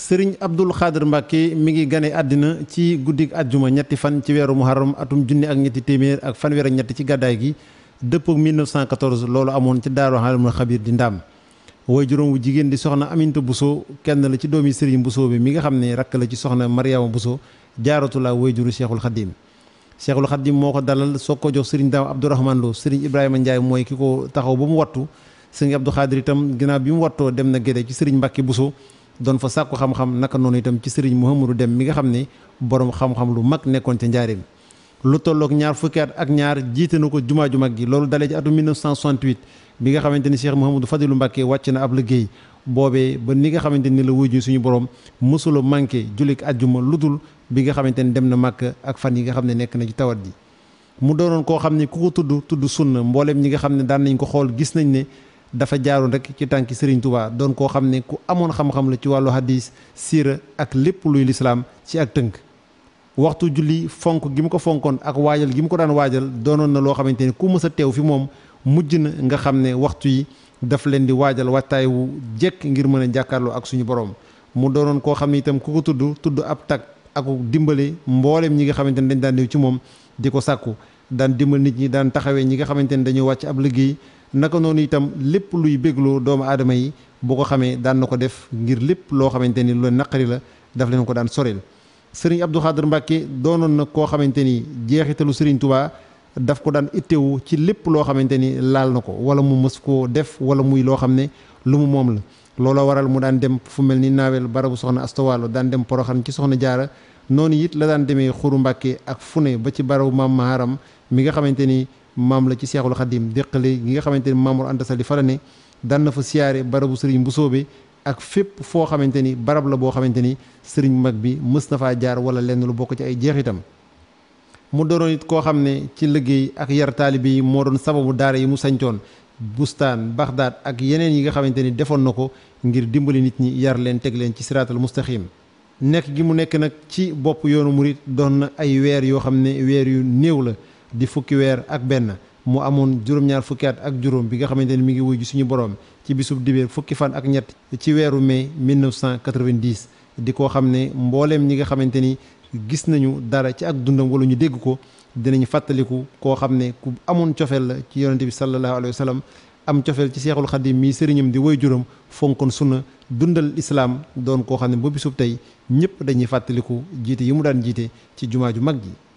sëriñ Abdul Xaadir Mbàkke mi ngi gane àddina ci guddik àjjuma ñetti fan ci weeru muharram atum junni ak ñetti téeméer ak fanweer ak ñetti ci gàddaay gi dëppoo 1914 loolu amoon ci daaru Alimul Xabiir di ndaam woy juróom wu jigéen di soxna Aminta Bousso kenn la ci doomi sëriñ Bousso bi mi nga xam ne rakk la ci soxna Mariama Bousso jaaratulaa woy juru Cheikhul Xadim Cheikhul Xadim moo ko dalal soo ko jox sëriñ Daam Abdourahman Lo sëriñ Ibrahima Ndiaye mooy ki ko taxaw ba mu wattu sëriñ Abdou Xaadir itam ginnaaw bi mu wattoo dem na géde ci sëriñ Mbàkke Bousso doon fa sàkku xam-xam naka noonu itam ci sëriñ Mouhamadou Dem mi nga xam ne borom xam-xam lu mag nekkoon ca njaareem lu tolloog ñaar fukki at ak ñaar jiite na ko jumaa ju mag gi loolu dalee ci atum bi nga xamante ni Cheikh Mouhamadou Fadilou Mbacké wàcc na ab liggéey boobee ba ni nga xamante ni la wuyu suñu borom mosula manqué juma lu dul bi nga xamante ni dem na màkk ak fan yi nga xam ne nekk na ci tawat ji mu doonoon koo xam ne ku ko tudd tudd sunna mbooleem ñi nga xam ne daan nañ ko xool gis nañ ne dafa jaaroon rek ci tànki Serigne tubaa doon koo xam ne ku amoon xam-xam la ci wàllu hadis siira ak lépp luy lislaam ci ak tënk waxtu julli fonk gi mu ko fonkoon ak waajal gi mu ko daan waajal doonoon na loo xamante ne ku mës a teew fi moom mujj na nga xam ne waxtu yi daf leen di waajal wàttaay wu jekk ngir mën a jàkkaarloo ak suñu borom mu doonoon koo xam ne itam ku ko tudd tudd ab tag aku dimbale mboolem ñi nga xamante ne dañ daan ñëw ci moom di ko sàkku daan dimbal nit ñi daan taxawee ñi nga xamante ne dañoo wàcc ab liggéey naka noonu itam lépp luy bégloo doomu aadama yi boo ko xamee daan na ko def ngir lépp loo xamante ni lu naqari la daf leen ko daan soril sëriñ Abdou Khadr Mbacke doonoon na koo xamante ni jeexitalu sëriñ tubaa daf ko daan ittewu ci lépp loo xamante ni laal na ko wala mu mës koo def wala muy loo xam ne lu mu moom la. looloo waral mu daan dem fu mel ni naawel barabu soxna astawaalo daan dem poroxan ci soxna jaara noonu it la daan demee xuru Mbacke ak fune ba ci barabu maam Maharam mi nga xamante ni. maam la ci Seexul Xadim déqale gi nga xamante ni Maamor Anta Sali fa la ne daan na fa siyaare barabu sëriñ bu bi ak fépp foo xamante ni barab la boo xamante ni sëriñ mag bi mës na faa jaar wala lenn lu bokk ci ay jeexitam mu doonoon it koo xam ne ci liggéey ak yar taalibe yi moo doon sababu daara yi mu sancoon bustaan baxdaad ak yeneen yi nga xamante ni defoon na ko ngir dimbali nit ñi yar leen teg leen ci siraatal mustaxim nekk gi mu nekk nag ci bopp yoonu murit doon na ay weer yoo xam ne weer yu néew la di fukki weer ak benn mu amoon juróom-ñaar fukki ak juróom bi nga xamante ni mi ngi wuyu suñu borom ci bisub dibéer fukki fan ak ñett ci weeru mai 1990 di ko xam ne mbooleem ñi nga xamante ni gis nañu dara ci ak dundam wala ñu dégg ko dinañ fàttaliku koo xam ne ku amoon cofeel la ci yonente bi sallallahu alayhi wa sallam am cofeel ci seexul xadim mii sëriñam di woy juróom fonkoon sunna dundal islaam doon koo xam ne ba bisub tey ñëpp dañuy fàttaliku jiite yi mu daan jiite ci jumaa ju mag ji